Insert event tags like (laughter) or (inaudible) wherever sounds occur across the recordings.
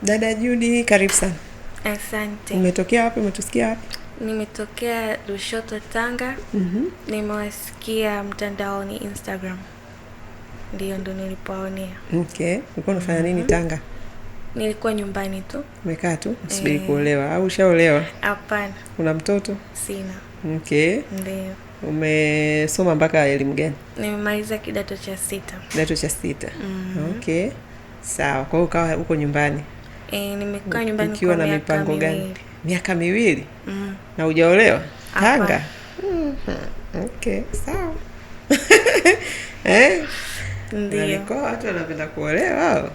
Dada Judy, karibu sana. Asante. Umetokea wapi? Umetusikia wapi? Nimetokea Lushoto, Tanga. mm -hmm. Nimewasikia mtandaoni Instagram, ndio ndo nilipoaonea Okay, ulikuwa unafanya nini? mm -hmm. Tanga nilikuwa nyumbani tu, umekaa tu eh. usubiri e... kuolewa au ushaolewa? Hapana. Una mtoto? Sina. Okay, ndio Umesoma mpaka elimu gani? Nimemaliza kidato cha sita. Kidato cha sita. mm -hmm. Okay, sawa. Kwa hiyo ukawa huko nyumbani E, nimekaa nyumbani ukiwa na mipango gani? Miaka miwili mm. na hujaolewa Tanga? mm -hmm. Okay, sawa (laughs) eh? Ndio mikoa watu wanapenda kuolewa wao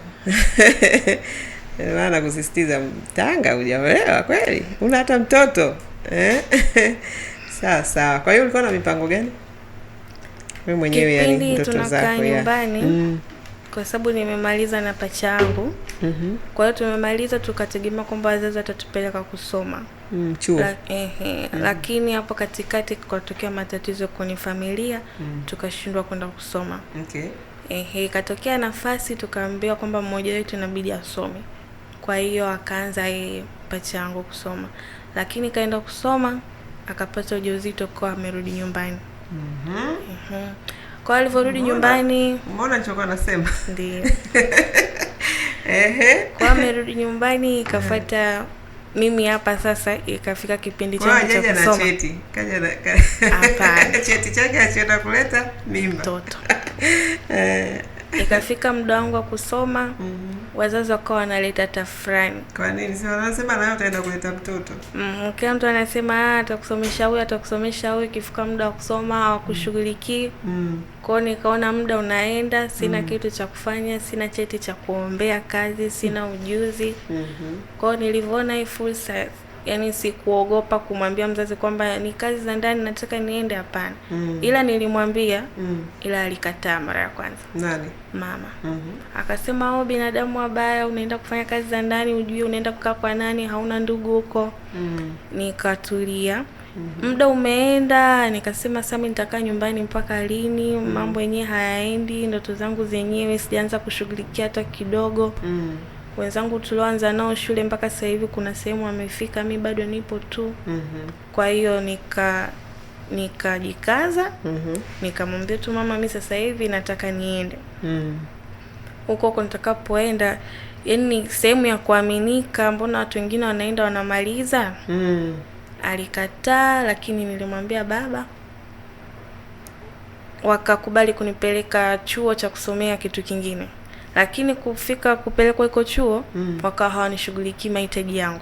(laughs) maana kusisitiza Tanga hujaolewa kweli, una hata mtoto eh? (laughs) sawa sawa. Kwa hiyo ulikuwa na mipango gani wewe mwenyewe, yani mtoto zako ya nyumbani mm kwa sababu nimemaliza na pacha yangu mm -hmm. Kwa hiyo tumemaliza, tukategemea kwamba wazazi watatupeleka kusoma mm, chuo La, eh, eh, mm. Lakini hapo katikati kukatokea matatizo kwenye familia mm. Tukashindwa kwenda kusoma okay. Eh, ikatokea nafasi tukaambiwa kwamba mmoja wetu inabidi asome, kwa hiyo akaanza yeye pacha yangu kusoma, lakini kaenda kusoma akapata ujauzito kwa amerudi nyumbani mm -hmm. Mm -hmm. Kwa hiyo alivyorudi nyumbani, mbona nilichokuwa nasema ndio (laughs) ehe, kwa amerudi nyumbani ikafuata mimi hapa sasa, ikafika kipindi changu cha kusoma. Cheti kaja na (laughs) cheti chake achienda kuleta mimba mtoto (laughs) eh. Ikafika muda wangu wa kusoma mm -hmm. Wazazi wakawa wanaleta tafrani. Kwa nini sasa wanasema nayo utaenda kuleta mtoto? Mm, kila mtu anasema ah, atakusomesha huyu atakusomesha huyu, ikifika muda wa kusoma hawakushughulikii mm. Kwao nikaona muda unaenda, sina mm. kitu cha kufanya, sina cheti cha kuombea kazi, sina mm. ujuzi mm -hmm. Kwao nilivyoona hii fursa yani sikuogopa kumwambia mzazi kwamba ni kazi za ndani nataka niende, hapana. mm. ila nilimwambia mm. ila alikataa mara ya kwanza. Nani? Mama. mm -hmm. Akasema wewe oh, binadamu wabaya, unaenda kufanya kazi za ndani, ujui unaenda kukaa kwa nani, hauna ndugu huko. mm. Nikatulia. Mm -hmm. Muda umeenda, nikasema sasa mimi nitakaa nyumbani mpaka lini? mm. Mambo yenyewe hayaendi, ndoto zangu zenyewe sijaanza kushughulikia hata kidogo. mm wenzangu tulioanza nao shule mpaka sasa hivi kuna sehemu amefika mi bado nipo tu. mm -hmm. Kwa hiyo nika nikajikaza mm -hmm. nikamwambia tu mama, mi sasa hivi nataka niende mm. huko huko nitakapoenda, yani sehemu ya kuaminika, mbona watu wengine wanaenda wanamaliza. mm -hmm. Alikataa, lakini nilimwambia baba wakakubali kunipeleka chuo cha kusomea kitu kingine lakini kufika kupelekwa iko chuo mm. wakawa hawanishughuliki mahitaji yangu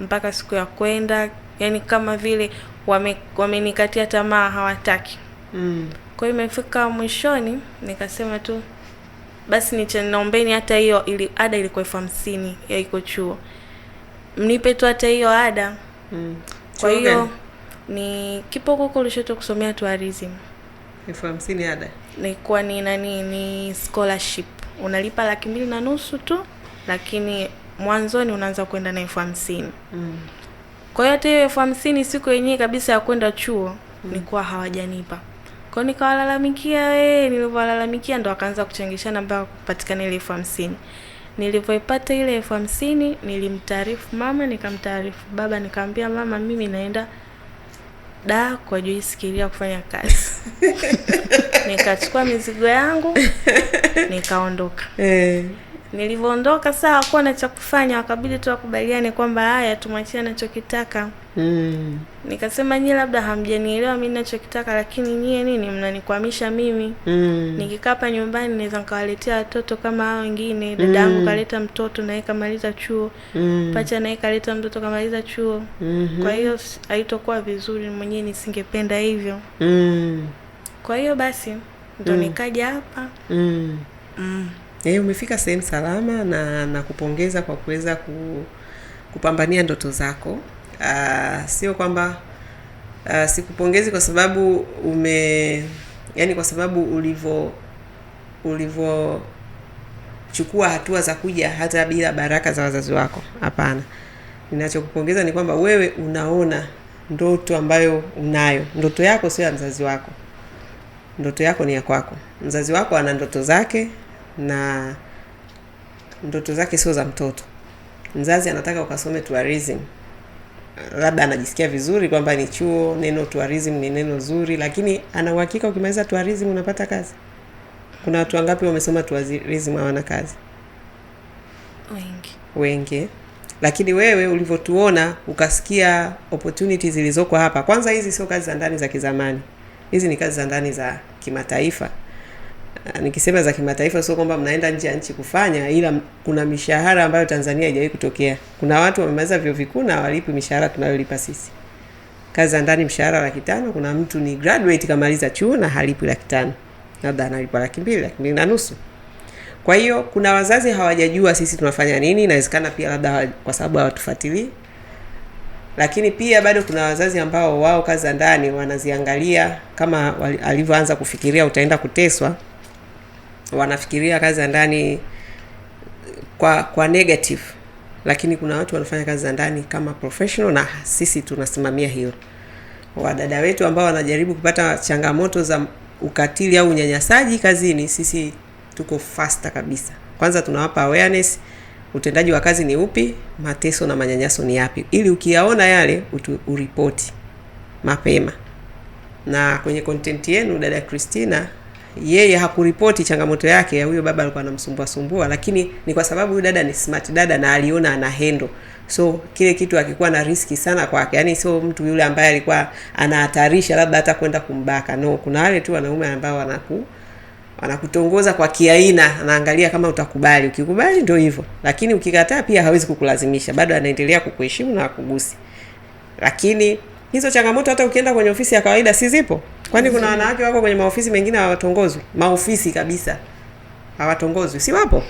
mpaka siku ya kwenda, yani kama vile wamenikatia wame tamaa, hawataki mm. kwa hiyo imefika mwishoni nikasema tu basi nichanaombeni hata hiyo ili, ada ilikuwa elfu hamsini ya iko chuo mnipe tu hata hiyo ada mm. kwa hiyo ni kipo huko Lushoto kusomea tourism elfu hamsini ada nilikuwa ni nani, ni scholarship unalipa laki mbili na nusu tu, lakini mwanzoni unaanza kwenda na elfu hamsini mm. Kwa hiyo hata hiyo elfu hamsini siku yenyewe kabisa ya kwenda chuo mm. nilikuwa hawajanipa kwao, nikawalalamikia wee, eh, nilivyowalalamikia ndo akaanza kuchangishana mpaka kupatikana ile elfu hamsini Nilivyoipata ile elfu hamsini nilimtaarifu mama, nikamtaarifu baba, nikamwambia mama, mimi naenda da kwa juu kufanya kazi (laughs) nikachukua mizigo yangu (laughs) nikaondoka. Eh. Nilivyoondoka saa hakuwa na cha kufanya, wakabidi tu wakubaliane kwamba haya tumwachie anachokitaka. Mm. Nikasema nyie labda hamjanielewa mimi ninachokitaka, lakini nyie nini mnanikwamisha mimi? Mm. Nikikaa hapa nyumbani naweza nikawaletea watoto kama hao wengine. Dada hmm. yangu mm. kaleta mtoto naye kamaliza chuo. Mm. Pacha naye kaleta mtoto kamaliza chuo. Mm -hmm. Kwa hiyo haitokuwa vizuri, mwenyewe nisingependa hivyo. Mm. Kwa hiyo basi ndo mm. nikaja hapa mm. mm. hey, eh, umefika sehemu salama na nakupongeza kwa kuweza ku, kupambania ndoto zako. Ah, sio kwamba ah, sikupongezi kwa sababu ume yani, kwa sababu ulivyo ulivyochukua hatua za kuja hata bila baraka za wazazi wako, hapana. Ninachokupongeza ni kwamba wewe unaona ndoto ambayo unayo, ndoto yako sio ya mzazi wako ndoto yako ni ya kwako. Mzazi wako ana ndoto zake na ndoto zake sio za mtoto. Mzazi anataka ukasome tourism, labda anajisikia vizuri kwamba ni chuo, neno tourism ni neno zuri, lakini ana uhakika ukimaliza tourism unapata kazi? Kuna watu wangapi wamesoma tourism hawana kazi? Wengi, wengi. Lakini wewe ulivyotuona ukasikia opportunities zilizoko hapa, kwanza hizi sio kazi za ndani za kizamani hizi ni kazi za ndani za kimataifa. Ah, nikisema za kimataifa, sio kwamba mnaenda nje ya nchi kufanya, ila kuna mishahara ambayo Tanzania haijawahi kutokea. Kuna watu wamemaliza vyo vikuu na hawalipi mishahara tunayolipa sisi. Kazi za ndani mshahara laki tano. Kuna mtu ni graduate kamaliza chuo na halipi laki tano, labda analipa laki mbili, laki mbili na nusu. Kwa hiyo kuna wazazi hawajajua sisi tunafanya nini. Inawezekana pia labda kwa sababu hawatufuatilii lakini pia bado kuna wazazi ambao wao kazi za ndani wanaziangalia kama alivyoanza kufikiria utaenda kuteswa, wanafikiria kazi za ndani kwa kwa negative, lakini kuna watu wanafanya kazi za ndani kama professional, na sisi tunasimamia hiyo Wadada wetu ambao wanajaribu kupata changamoto za ukatili au unyanyasaji kazini, sisi tuko faster kabisa. Kwanza tunawapa awareness utendaji wa kazi ni upi, mateso na manyanyaso ni yapi, ili ukiyaona yale utu, uripoti mapema. Na kwenye content yenu dada Christina yeye hakuripoti changamoto yake ya huyo baba alikuwa anamsumbua sumbua, lakini ni kwa sababu huyu dada ni smart dada na aliona ana hendo, so kile kitu akikuwa na riski sana kwake, yani sio mtu yule ambaye alikuwa anahatarisha labda hata kwenda kumbaka. No, kuna wale tu wanaume ambao wanaku anakutongoza kwa kiaina, anaangalia kama utakubali. Ukikubali ndio hivyo, lakini ukikataa pia hawezi kukulazimisha, bado anaendelea kukuheshimu na kugusi. Lakini hizo changamoto hata ukienda kwenye ofisi ya kawaida si zipo? Kwani kuna wanawake wako kwenye maofisi mengine hawatongozwi, maofisi kabisa hawatongozwi, si wapo?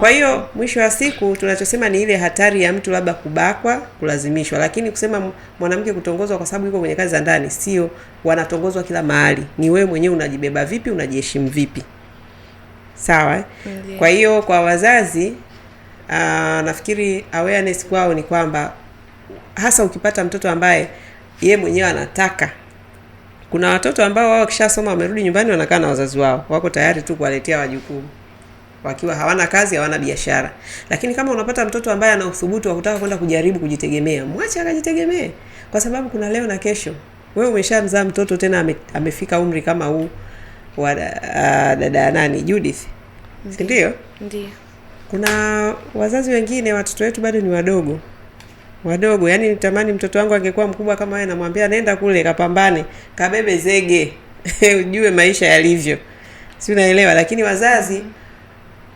Kwa hiyo mwisho wa siku tunachosema ni ile hatari ya mtu labda kubakwa, kulazimishwa, lakini kusema mwanamke kutongozwa kwa sababu yuko kwenye kazi za ndani, sio wanatongozwa kila mahali. Ni wewe mwenyewe unajibeba vipi, unajiheshimu vipi, sawa eh? yeah. Kwa hiyo kwa wazazi aa, ah, nafikiri awareness kwao ni kwamba hasa ukipata mtoto ambaye ye mwenyewe anataka kuna watoto ambao wao wakishasoma wamerudi nyumbani wanakaa na wazazi wao, wako tayari tu kuwaletea wajukuu wakiwa hawana kazi, hawana biashara. Lakini kama unapata mtoto ambaye ana uthubutu wa kutaka kwenda kujaribu kujitegemea, mwache akajitegemee, kwa sababu kuna leo na kesho. Wewe umeshamzaa mtoto tena ame, amefika umri kama huu wa dada nani Judith, si ndio? Ndio. Kuna wazazi wengine watoto wetu bado ni wadogo wadogo, yaani nitamani mtoto wangu angekuwa mkubwa kama wewe, namwambia nenda kule kapambane, kabebe zege (laughs) ujue maisha yalivyo, si unaelewa? Lakini wazazi mm -hmm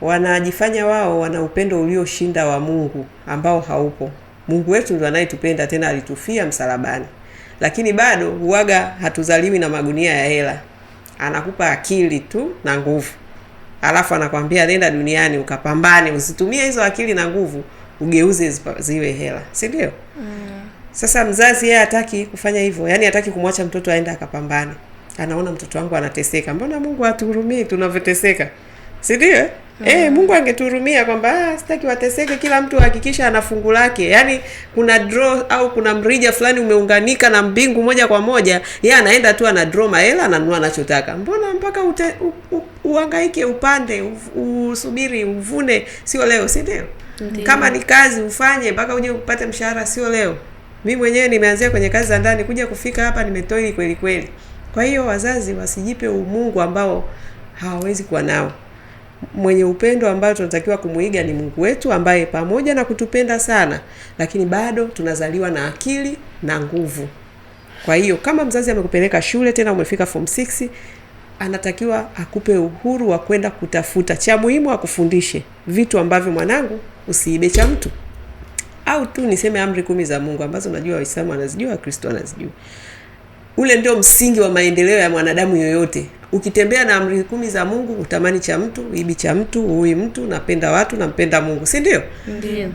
wanajifanya wao wana upendo ulioshinda wa Mungu ambao haupo. Mungu wetu ndo anayetupenda, tena alitufia msalabani, lakini bado huaga hatuzaliwi na magunia ya hela. Anakupa akili tu na nguvu, alafu anakwambia nenda duniani ukapambane, usitumie hizo akili na nguvu ugeuze ziwe hela, si ndio? Mm. Sasa mzazi yeye hataki kufanya hivyo, yaani hataki kumwacha mtoto aende akapambane. Anaona mtoto wangu anateseka, mbona Mungu hatuhurumii tunavyoteseka, si ndio? mm. Hmm. Eh, Mungu angetuhurumia kwamba ah, sitaki wateseke, kila mtu ahakikisha ana fungu lake. Yaani kuna draw au kuna mrija fulani umeunganika na mbingu moja kwa moja, yeye anaenda tu ana draw mahela ananunua anachotaka. Mbona mpaka ute, u, u, uhangaike upande, u, usubiri uvune, sio leo, si ndio? Kama ni kazi ufanye mpaka uje upate mshahara, sio leo. Mimi mwenyewe nimeanzia kwenye kazi za ndani kuja kufika hapa nimetoili kweli kweli. Kwa hiyo wazazi wasijipe umungu ambao hawawezi kuwa nao mwenye upendo ambayo tunatakiwa kumwiga ni Mungu wetu ambaye pamoja na kutupenda sana, lakini bado tunazaliwa na akili na nguvu. Kwa hiyo kama mzazi amekupeleka shule, tena umefika form 6, anatakiwa akupe uhuru wa kwenda kutafuta. Cha muhimu akufundishe vitu ambavyo, mwanangu, usiibe cha mtu, au tu niseme amri kumi za Mungu ambazo najua Waislamu wanazijua, Wakristo wanazijua. Ule ndio msingi wa maendeleo ya mwanadamu yoyote. Ukitembea na amri kumi za Mungu, utamani cha mtu, uibi cha mtu, uui mtu, napenda watu, nampenda Mungu, si ndio?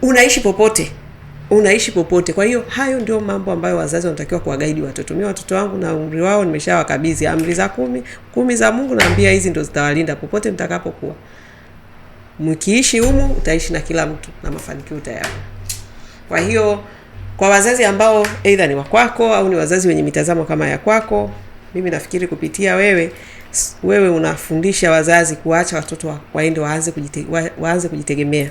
unaishi popote, unaishi popote. Kwa hiyo hayo ndio mambo ambayo wazazi wanatakiwa kuwagaidi watoto. Mimi watoto wangu na umri wao nimeshawakabidhi amri za kumi, kumi za Mungu, naambia hizi ndio zitawalinda popote mtakapokuwa. Mkiishi humu, utaishi na kila mtu na mafanikio utayaona. Kwa hiyo kwa wazazi ambao aidha ni wakwako au ni wazazi wenye mitazamo kama ya kwako, mimi nafikiri kupitia wewe wewe unafundisha wazazi kuacha watoto waende waanze kujite, wa, waanze kujitegemea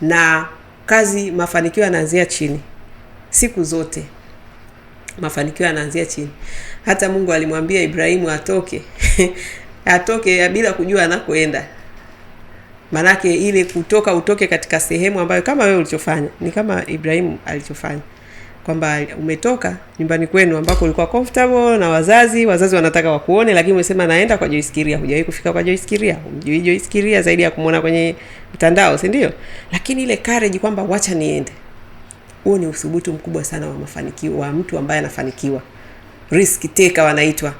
na kazi. Mafanikio yanaanzia chini, siku zote mafanikio yanaanzia chini. Hata Mungu alimwambia Ibrahimu atoke (laughs) atoke bila kujua anakoenda. Manake ile kutoka utoke katika sehemu ambayo kama wewe ulichofanya ni kama Ibrahimu alichofanya kwamba umetoka nyumbani kwenu ambako ulikuwa comfortable na wazazi, wazazi wanataka wakuone, lakini umesema naenda kwa Joyce Kiria. Hujawahi kufika kwa Joyce Kiria, umjui Joyce Kiria zaidi ya kumuona kwenye mtandao, si ndio? Lakini ile courage kwamba wacha niende, huo ni uthubutu mkubwa sana wa mafanikio wa mtu ambaye anafanikiwa, risk taker wanaitwa,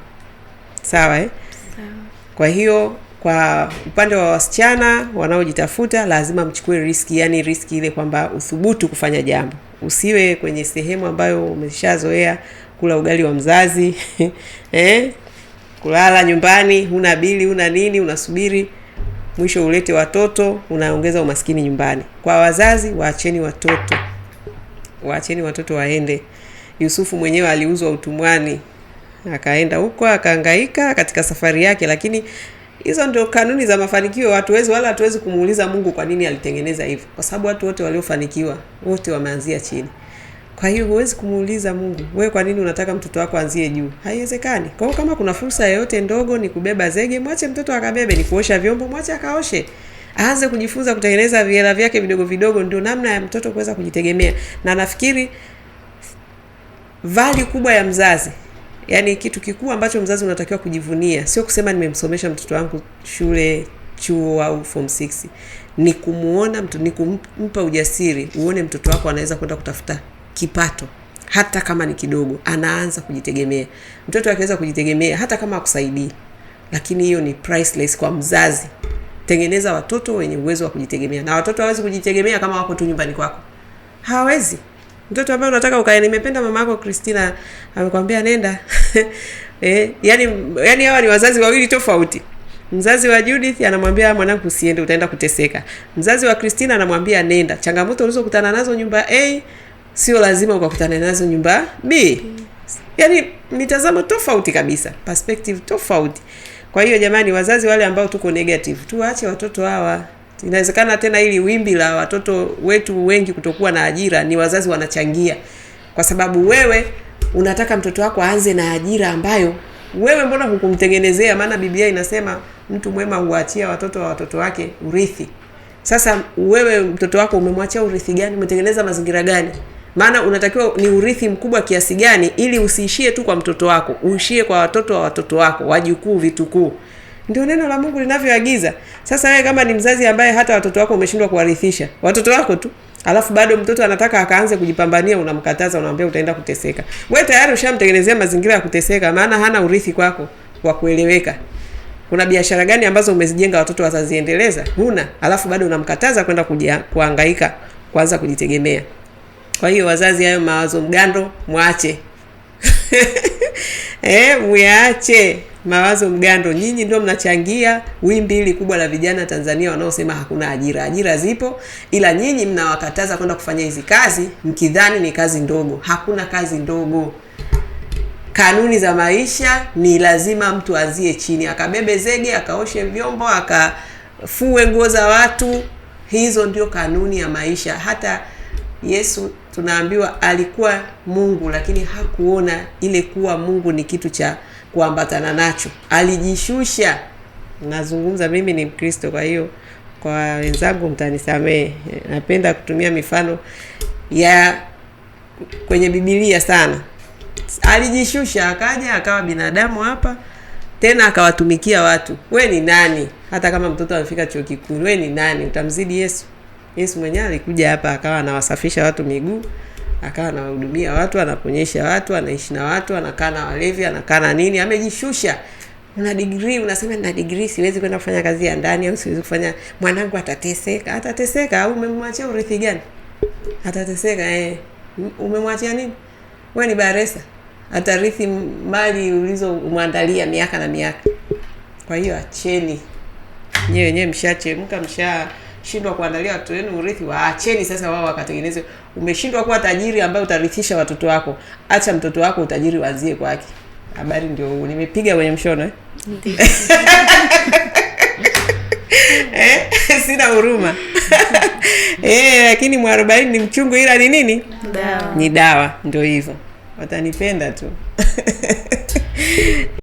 sawa eh? Sawa. Kwa hiyo kwa upande wa wasichana wanaojitafuta, lazima mchukue riski, yani riski ile kwamba uthubutu kufanya jambo usiwe kwenye sehemu ambayo umeshazoea kula ugali wa mzazi (laughs) eh? kulala nyumbani, huna bili, huna nini, unasubiri mwisho ulete watoto, unaongeza umaskini nyumbani. Kwa wazazi, waacheni watoto, waacheni watoto waende. Yusufu mwenyewe aliuzwa utumwani, akaenda huko akahangaika katika safari yake, lakini Hizo ndio kanuni za mafanikio. Hatuwezi wala hatuwezi kumuuliza Mungu kwa nini alitengeneza hivyo, kwa sababu watu wote waliofanikiwa wote wameanzia chini. Kwa hiyo huwezi kumuuliza Mungu, wewe kwa nini unataka mtoto wako anzie juu? Haiwezekani. Kwa hiyo kama kuna fursa yoyote ndogo, ni kubeba zege, mwache mtoto akabebe, ni kuosha vyombo, mwache akaoshe. Aanze kujifunza kutengeneza vihela vyake vidogo vidogo, ndio namna ya mtoto kuweza kujitegemea. Na nafikiri vali kubwa ya mzazi yani kitu kikuu ambacho mzazi unatakiwa kujivunia sio kusema nimemsomesha mtoto wangu shule chuo au form 6 ni kumuona mtu ni kumpa ujasiri uone mtoto wako anaweza kwenda kutafuta kipato hata kama ni kidogo anaanza kujitegemea mtoto akiweza kujitegemea hata kama akusaidii lakini hiyo ni priceless kwa mzazi tengeneza watoto wenye uwezo wa kujitegemea na watoto hawawezi kujitegemea kama wako tu nyumbani kwako hawawezi mtoto ambaye unataka ukae, nimependa mama yako Christina amekwambia nenda. (laughs) Eh, yani yani hawa ni wazazi wawili tofauti. Mzazi wa Judith anamwambia mwanangu, usiende, utaenda kuteseka. Mzazi wa Christina anamwambia nenda. Changamoto ulizokutana nazo nyumba A sio lazima ukakutana nazo nyumba B. Yani mitazamo tofauti kabisa, perspective tofauti. Kwa hiyo jamani, wazazi wale ambao tuko negative, tuwaache watoto hawa Inawezekana tena ili wimbi la watoto wetu wengi kutokuwa na ajira ni wazazi wanachangia, kwa sababu wewe unataka mtoto wako aanze na ajira ambayo wewe mbona hukumtengenezea? Maana Biblia inasema mtu mwema huachia watoto wa watoto wake urithi. Sasa wewe mtoto wako umemwachia urithi gani? Umetengeneza mazingira gani? Maana unatakiwa ni urithi mkubwa kiasi gani, ili usiishie tu kwa mtoto wako, uishie kwa watoto wa watoto wako, wajukuu, vitukuu. Ndio neno la Mungu linavyoagiza. Sasa wewe kama ni mzazi ambaye hata watoto wako umeshindwa kuwarithisha, watoto wako tu, alafu bado mtoto anataka akaanze kujipambania, unamkataza, unamwambia utaenda kuteseka. Wewe tayari ushamtengenezea mazingira ya kuteseka, maana hana urithi kwako wa kueleweka. Kuna biashara gani ambazo umezijenga watoto wataziendeleza? Huna, alafu bado unamkataza kwenda kuhangaika, kuanza kujitegemea. Kwa hiyo wazazi, hayo mawazo mgando mwache. (laughs) Eh, mwache mawazo mgando, nyinyi ndio mnachangia wimbi hili kubwa la vijana Tanzania wanaosema hakuna ajira. Ajira zipo, ila nyinyi mnawakataza kwenda kufanya hizi kazi mkidhani ni kazi ndogo. Hakuna kazi ndogo. Kanuni za maisha ni lazima mtu azie chini, akabebe zege, akaoshe vyombo, akafue nguo za watu. Hizo ndio kanuni ya maisha. Hata Yesu tunaambiwa alikuwa Mungu, lakini hakuona ile kuwa Mungu ni kitu cha kuambatana nacho, alijishusha. Nazungumza mimi ni Mkristo, kwa hiyo kwa wenzangu mtanisamehe, napenda kutumia mifano ya kwenye bibilia sana. Alijishusha akaja akawa binadamu hapa tena akawatumikia watu. We ni nani? Hata kama mtoto amefika chuo kikuu, we ni nani? Utamzidi Yesu? Yesu mwenyewe alikuja hapa akawa anawasafisha watu miguu akawa anawahudumia watu, anaponyesha watu, anaishi na watu, anakaa na walevi, anakaa na nini, amejishusha. Una degree, unasema na degree siwezi kwenda kufanya kazi ya ndani, au siwezi kufanya, mwanangu atateseka. Atateseka au umemwachia urithi gani? Atateseka eh. Um, umemwachia nini? Wewe ni baresa, atarithi mali ulizomwandalia miaka na miaka. Kwa hiyo acheni nyewe nyewe mshachemka mshashindwa kuandalia watu wenu urithi, waacheni sasa wao wakatengeneze Umeshindwa kuwa tajiri ambaye utarithisha watoto wako, acha mtoto wako utajiri wazie kwake. Habari ndio huu, nimepiga kwenye mshono eh? (laughs) Eh, (laughs) sina huruma (laughs) eh, lakini mwarobaini ni mchungu, ila ni nini? Dawa. Ni dawa, ndio hivyo, watanipenda tu